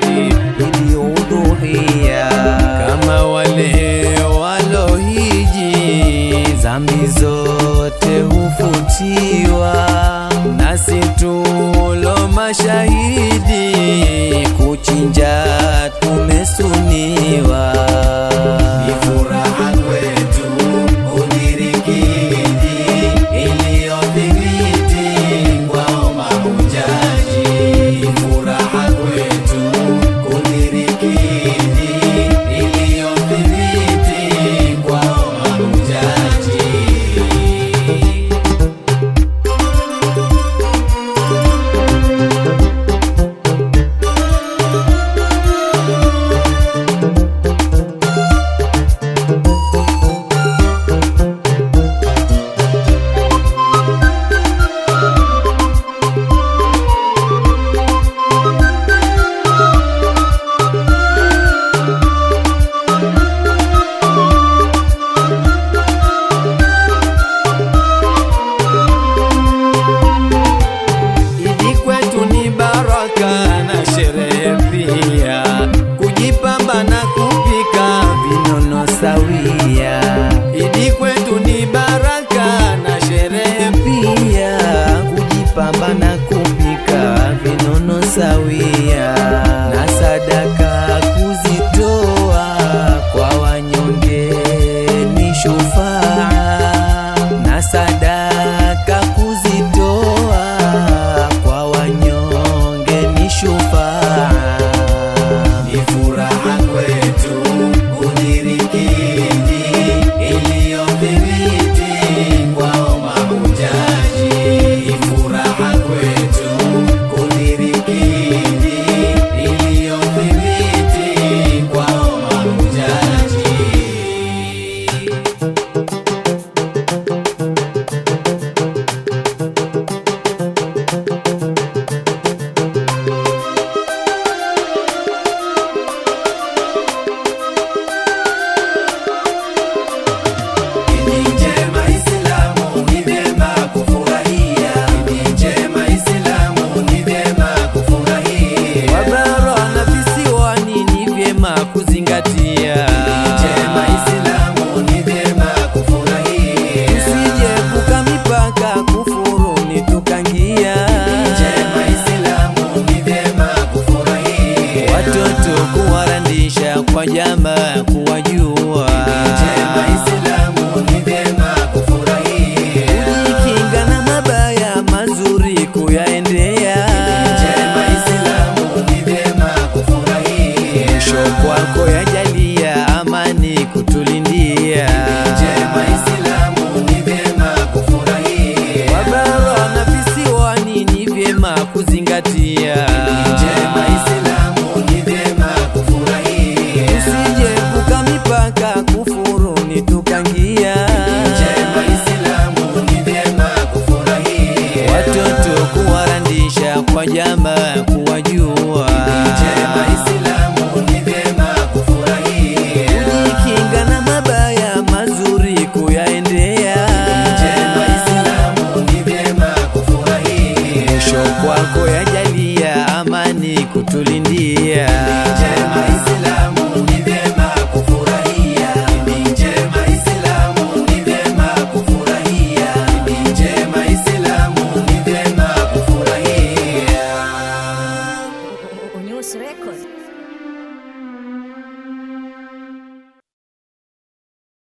zaidi niliuduhia kama wale walohiji, dhambi zote hufutiwa, nasi tulo mashahidi, kuchinja tumesuniwa. pambana kupika vinono sawia na sadaka kuzitoa kwa wanyonge ni shufaa na sadaka kuzitoa kwa wanyonge ni shufaa ni furaha kweli yako yajalia amani kutulindia. Njema ni na visiwani ni vyema kuzingatia. Njema ni usije kuka mipaka kufuru ni tukangia. ni watoto kuwarandisha kwa jana yeah.